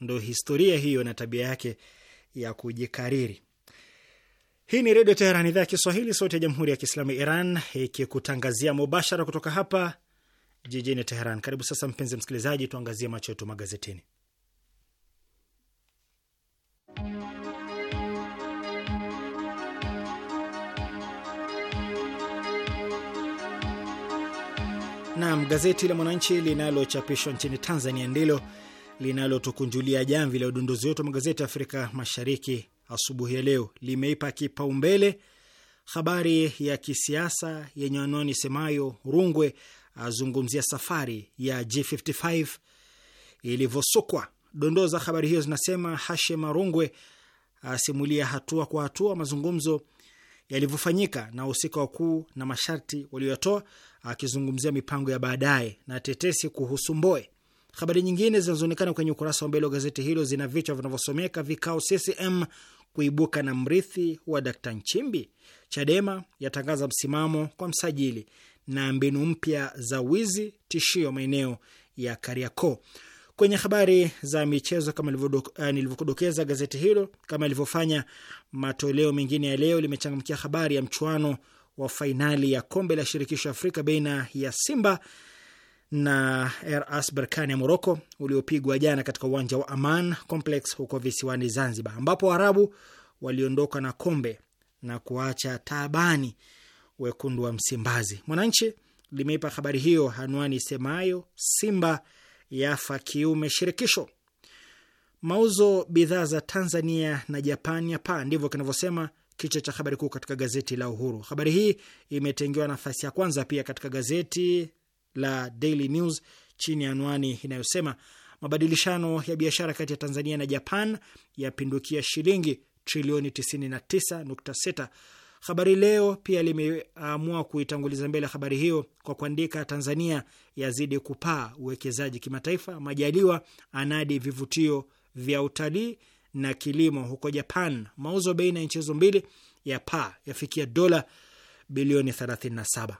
Ndo historia hiyo na tabia yake ya kujikariri. Hii ni Redio Teheran, idhaa ya Kiswahili, sauti ya Jamhuri ya Kiislamu Iran, ikikutangazia mubashara kutoka hapa jijini Teheran. Karibu sasa, mpenzi msikilizaji, tuangazie macho yetu magazetini. Naam, gazeti la Mwananchi linalochapishwa nchini Tanzania ndilo linalotukunjulia jamvi la udondozi wetu wa magazeti ya Afrika Mashariki asubuhi ya leo. Limeipa kipaumbele habari ya kisiasa yenye anwani semayo Rungwe azungumzia safari ya G55 ilivyosukwa. Dondoo za habari hiyo zinasema Hashem Rungwe asimulia hatua kwa hatua mazungumzo yalivyofanyika na wahusika wakuu na masharti walioyatoa, akizungumzia mipango ya baadaye na tetesi kuhusu Mboe. Habari nyingine zinazoonekana kwenye ukurasa wa mbele wa gazeti hilo zina vichwa vinavyosomeka vikao CCM kuibuka na mrithi wa Dkt Nchimbi, Chadema yatangaza msimamo kwa msajili, na mbinu mpya za wizi tishio maeneo ya Kariakoo. Kwenye habari za michezo, kama eh, nilivyokudokeza, gazeti hilo kama ilivyofanya matoleo mengine ya leo limechangamkia habari ya mchuano wa fainali ya kombe la shirikisho Afrika baina ya Simba na RS Berkane ya Moroko uliopigwa jana katika uwanja wa Aman Complex huko visiwani Zanzibar, ambapo Waarabu waliondoka na kombe na kuacha taabani wekundu wa Msimbazi. Mwananchi limeipa habari hiyo anwani isemayo Simba yafa kiume shirikisho. Mauzo bidhaa za Tanzania na Japan yapaa, ndivyo kinavyosema kichwa cha habari kuu katika gazeti la Uhuru. Habari hii imetengewa nafasi ya kwanza pia katika gazeti la Daily News chini ya anwani inayosema mabadilishano ya biashara kati ya Tanzania na Japan yapindukia shilingi trilioni 99.6 Habari Leo pia limeamua kuitanguliza mbele habari hiyo kwa kuandika, Tanzania yazidi kupaa uwekezaji kimataifa, Majaliwa anadi vivutio vya utalii na kilimo huko Japan, mauzo baina ya nchi hizo mbili ya paa yafikia dola bilioni 37.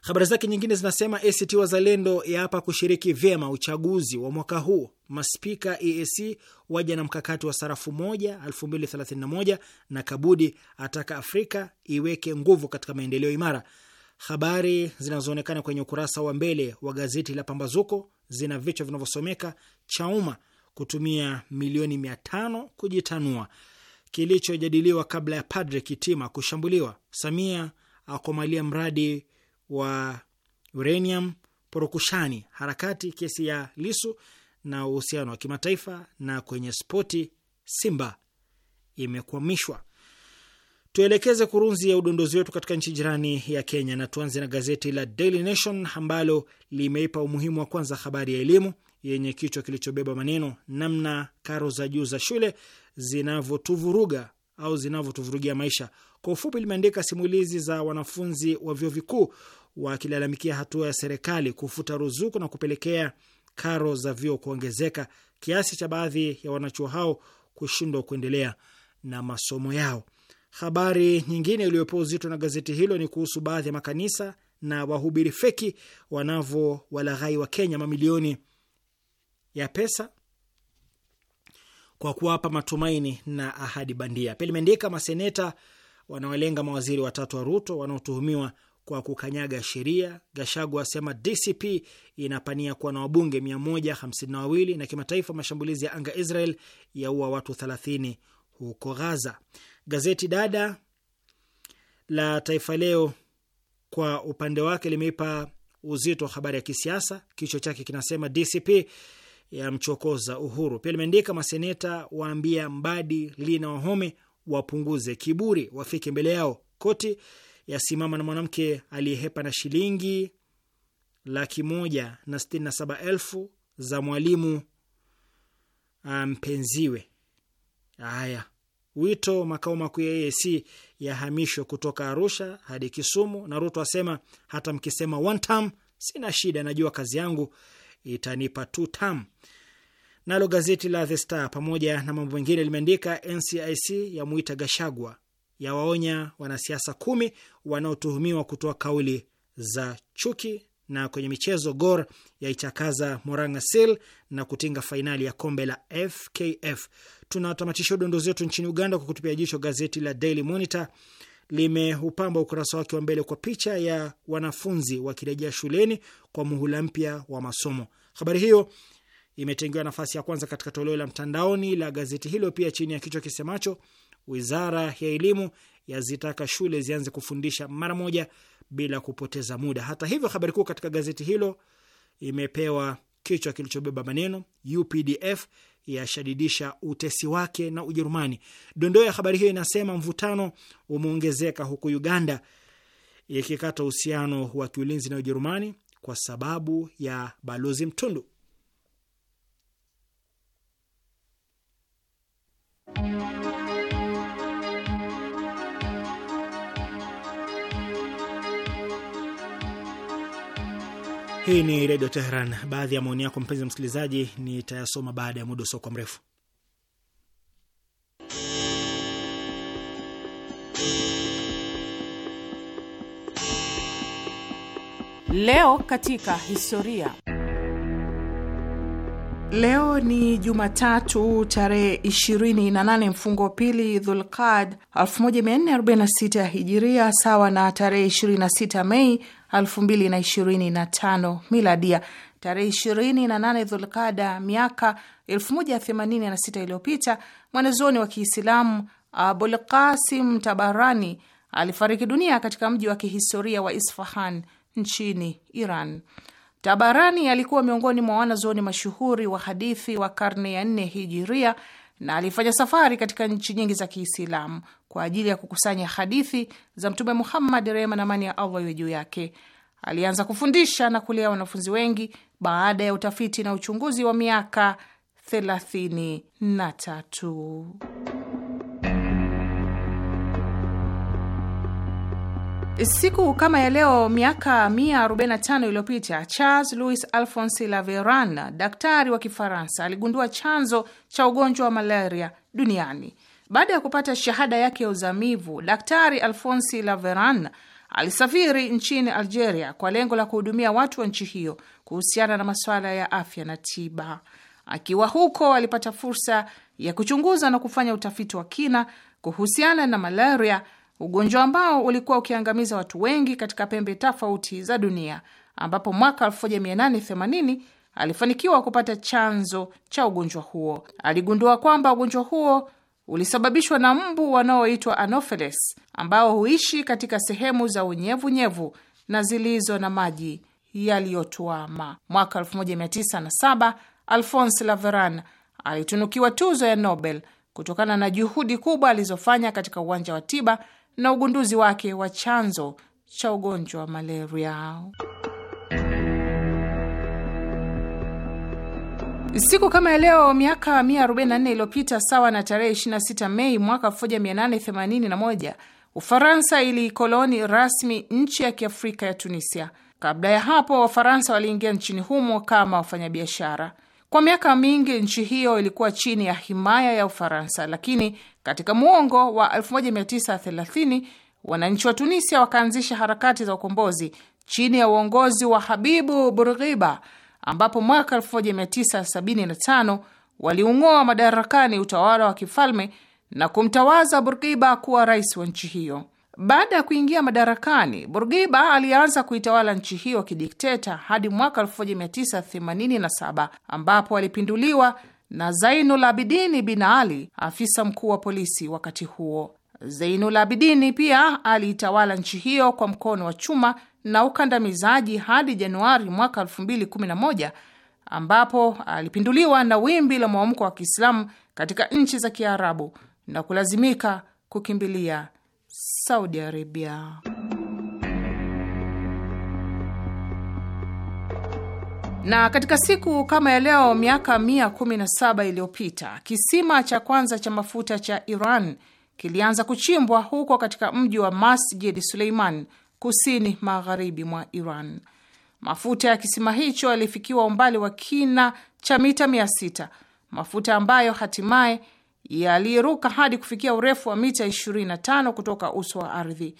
Habari zake nyingine zinasema ACT Wazalendo yaapa kushiriki vyema uchaguzi wa mwaka huu maspika EAC waja na mkakati wa sarafu moja 2031 na Kabudi ataka Afrika iweke nguvu katika maendeleo imara. Habari zinazoonekana kwenye ukurasa wa mbele wa gazeti la Pambazuko zina vichwa vinavyosomeka Chauma kutumia milioni mia tano kujitanua, kilichojadiliwa kabla ya Padre Kitima kushambuliwa, Samia akomalia mradi wa uranium, porokushani harakati, kesi ya Lisu na uhusiano wa kimataifa, na kwenye spoti Simba imekwamishwa. Tuelekeze kurunzi ya udondozi wetu katika nchi jirani ya Kenya, na tuanze na gazeti la Daily Nation ambalo limeipa umuhimu wa kwanza habari ya elimu yenye kichwa kilichobeba maneno namna karo za juu za shule zinavyotuvuruga au zinavyotuvurugia maisha. Kwa ufupi, limeandika simulizi za wanafunzi wa vyuo vikuu wakilalamikia hatua ya serikali kufuta ruzuku na kupelekea karo za vyuo kuongezeka kiasi cha baadhi ya wanachuo hao kushindwa kuendelea na masomo yao. Habari nyingine iliyopewa uzito na gazeti hilo ni kuhusu baadhi ya makanisa na wahubiri feki wanavyowalaghai wa Kenya mamilioni ya pesa kwa kuwapa matumaini na ahadi bandia. Pia limeandika maseneta wanawalenga mawaziri watatu wa Ruto wanaotuhumiwa kwa kukanyaga sheria. gashagu asema DCP inapania kuwa na wabunge 152 na kimataifa. Mashambulizi ya anga Israel yaua watu 30 huko Ghaza. Gazeti dada la Taifa Leo kwa upande wake limeipa uzito wa habari ya kisiasa. Kichwa chake kinasema DCP ya mchokoza Uhuru. Pia limeandika maseneta waambia Mbadi, Lina Wahome wapunguze kiburi, wafike mbele yao. Koti yasimama na mwanamke aliyehepa na shilingi laki moja na sitini na saba elfu za mwalimu ah, mpenziwe. Haya, wito makao makuu ya aac yahamishwe kutoka Arusha hadi Kisumu, na Ruto asema hata mkisema one term sina shida, najua kazi yangu itanipa two term. Nalo gazeti la The Star pamoja na mambo mengine limeandika NCIC yamwita Gashagwa yawaonya wanasiasa kumi wanaotuhumiwa kutoa kauli za chuki. Na kwenye michezo, Gor yaitakaza Moranga Sil na kutinga fainali ya kombe la FKF. Tunatamatisha udondozi wetu nchini Uganda kwa kutupia jicho gazeti la Daily Monitor. Limeupamba ukurasa wake wa mbele kwa picha ya wanafunzi wakirejea shuleni kwa muhula mpya wa masomo. Habari hiyo imetengewa nafasi ya kwanza katika toleo la mtandaoni la gazeti hilo, pia chini ya kichwa kisemacho Wizara ya elimu yazitaka shule zianze kufundisha mara moja bila kupoteza muda. Hata hivyo, habari kuu katika gazeti hilo imepewa kichwa kilichobeba maneno UPDF yashadidisha utesi wake na Ujerumani. Dondoo ya habari hiyo inasema mvutano umeongezeka huku Uganda ikikata uhusiano wa kiulinzi na Ujerumani kwa sababu ya balozi Mtundu. Hii ni Redio Teheran. Baadhi ya maoni yako mpenzi msikilizaji nitayasoma baada ya muda usiokuwa mrefu. Leo katika historia. Leo ni Jumatatu tarehe 28 mfungo pili Dhulqad 1446 hijiria sawa na tarehe 26 Mei 2025 miladia. Tarehe 28 Dhulkada, miaka 1086 iliyopita, mwanazuoni wa Kiislamu Abul Qasim Tabarani alifariki dunia katika mji wa kihistoria wa Isfahan nchini Iran. Tabarani alikuwa miongoni mwa wanazuoni mashuhuri wa hadithi wa karne ya nne hijiria na alifanya safari katika nchi nyingi za Kiislamu kwa ajili ya kukusanya hadithi za Mtume Muhammad, rehema na amani ya Allah iwe juu yake. Alianza kufundisha na kulea wanafunzi wengi baada ya utafiti na uchunguzi wa miaka thelathini na tatu. Siku kama ya leo miaka 145 iliyopita Charles Louis Alphonse Laveran, daktari wa Kifaransa, aligundua chanzo cha ugonjwa wa malaria duniani. Baada ya kupata shahada yake ya uzamivu, Daktari Alphonse Laveran alisafiri nchini Algeria kwa lengo la kuhudumia watu wa nchi hiyo kuhusiana na masuala ya afya na tiba. Akiwa huko, alipata fursa ya kuchunguza na kufanya utafiti wa kina kuhusiana na malaria ugonjwa ambao ulikuwa ukiangamiza watu wengi katika pembe tofauti za dunia, ambapo mwaka 1880 alifanikiwa kupata chanzo cha ugonjwa huo. Aligundua kwamba ugonjwa huo ulisababishwa na mbu wanaoitwa Anopheles ambao huishi katika sehemu za unyevunyevu na zilizo na maji yaliyotuama. Mwaka 1907 Alphonse Laveran alitunukiwa tuzo ya Nobel kutokana na juhudi kubwa alizofanya katika uwanja wa tiba na ugunduzi wake wa chanzo cha ugonjwa wa malaria. Siku kama ya leo miaka 144 iliyopita, sawa na tarehe 26 Mei mwaka 1881, Ufaransa iliikoloni rasmi nchi ya kiafrika ya Tunisia. Kabla ya hapo, Wafaransa waliingia nchini humo kama wafanyabiashara. Kwa miaka mingi nchi hiyo ilikuwa chini ya himaya ya Ufaransa, lakini katika muongo wa 1930 wananchi wa Tunisia wakaanzisha harakati za ukombozi chini ya uongozi wa Habibu Burghiba, ambapo mwaka 1975 waliung'oa madarakani utawala wa kifalme na kumtawaza Burgiba kuwa rais wa nchi hiyo. Baada ya kuingia madarakani, Burgiba alianza kuitawala nchi hiyo kidikteta hadi mwaka 1987 ambapo alipinduliwa na Zainul Abidini bin Ali, afisa mkuu wa polisi wakati huo. Zainul Abidini pia aliitawala nchi hiyo kwa mkono wa chuma na ukandamizaji hadi Januari mwaka 2011 ambapo alipinduliwa na wimbi la mwamko wa Kiislamu katika nchi za Kiarabu na kulazimika kukimbilia Saudi Arabia. Na katika siku kama ya leo miaka 117 iliyopita kisima cha kwanza cha mafuta cha Iran kilianza kuchimbwa huko katika mji wa Masjid Suleiman kusini magharibi mwa Iran. Mafuta ya kisima hicho yalifikiwa umbali wa kina cha mita 600, mafuta ambayo hatimaye yaliruka hadi kufikia urefu wa mita 25 kutoka uso wa ardhi.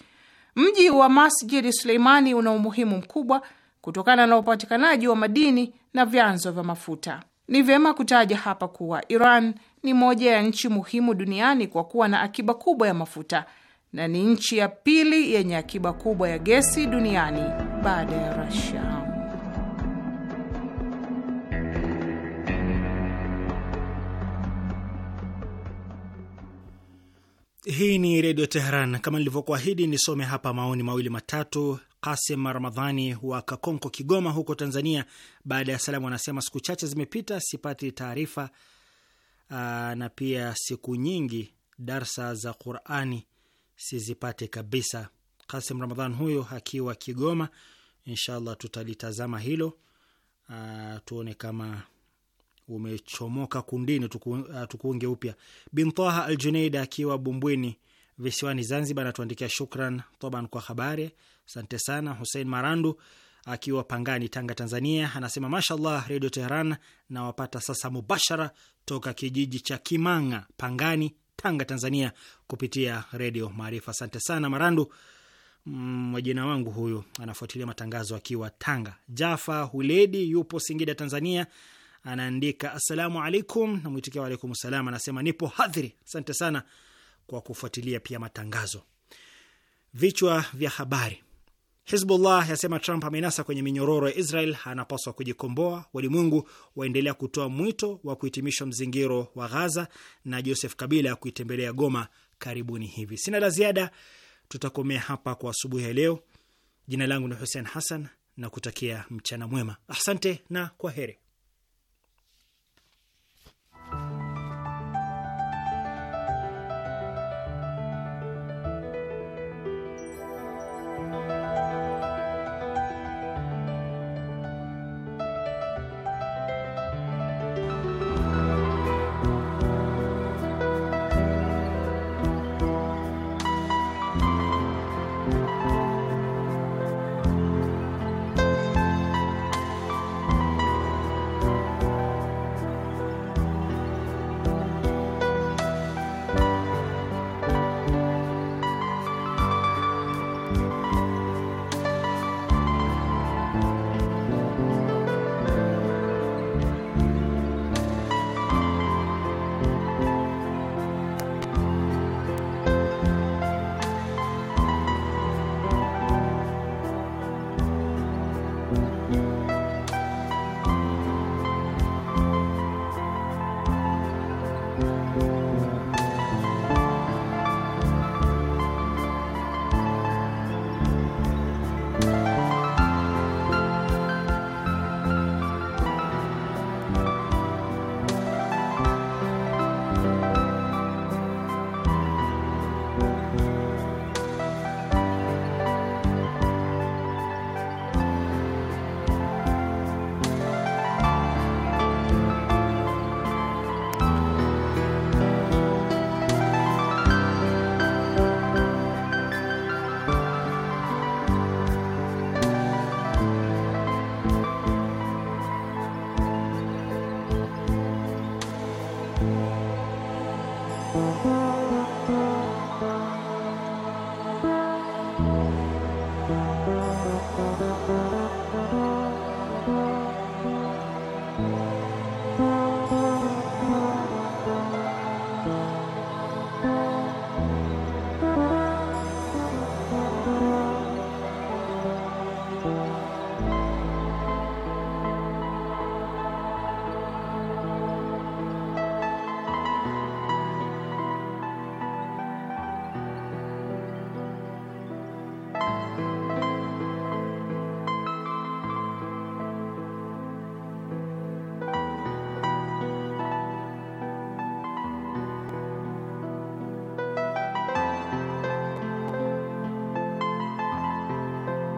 Mji wa Masjid Suleimani una umuhimu mkubwa kutokana na upatikanaji wa madini na vyanzo vya mafuta. Ni vyema kutaja hapa kuwa Iran ni moja ya nchi muhimu duniani kwa kuwa na akiba kubwa ya mafuta na ni nchi ya pili yenye akiba kubwa ya gesi duniani baada ya Russia. Hii ni Redio Teheran. Kama nilivyokuahidi, nisome hapa maoni mawili matatu. Kasim Ramadhani wa Kakonko, Kigoma huko Tanzania, baada ya salamu anasema siku chache zimepita sipati taarifa ah, na pia siku nyingi darsa za Qurani sizipate kabisa. Kasim Ramadhan huyo akiwa Kigoma. Inshallah tutalitazama hilo, ah, tuone kama umechomoka kundini tukuunge uh, tuku, tukuunge upya. Bintaha Al Juneida akiwa Bumbwini visiwani Zanzibar anatuandikia shukran toban kwa habari, asante sana. Husein Marandu akiwa Pangani, Tanga, Tanzania anasema mashallah, Redio Teheran nawapata sasa mubashara toka kijiji cha Kimanga, Pangani, Tanga, Tanzania, kupitia Redio Maarifa. Asante sana Marandu, mm, mwajina wangu huyu anafuatilia matangazo akiwa Tanga. Jafa Huledi yupo Singida, Tanzania anaandika assalamu alaikum, na mwitikia waalaikum salam, anasema nipo hadhiri. Asante sana kwa kufuatilia pia matangazo. Vichwa vya habari: Hizbullah yasema Trump amenasa kwenye minyororo ya Israel, anapaswa kujikomboa. Walimwengu waendelea kutoa mwito wa kuhitimisha mzingiro wa Ghaza, na Joseph Kabila kuitembelea Goma karibuni hivi. Sina la ziada, tutakomea hapa kwa asubuhi ya leo. Jina langu ni Hussein Hassan na kutakia mchana mwema. Asante na kwa heri.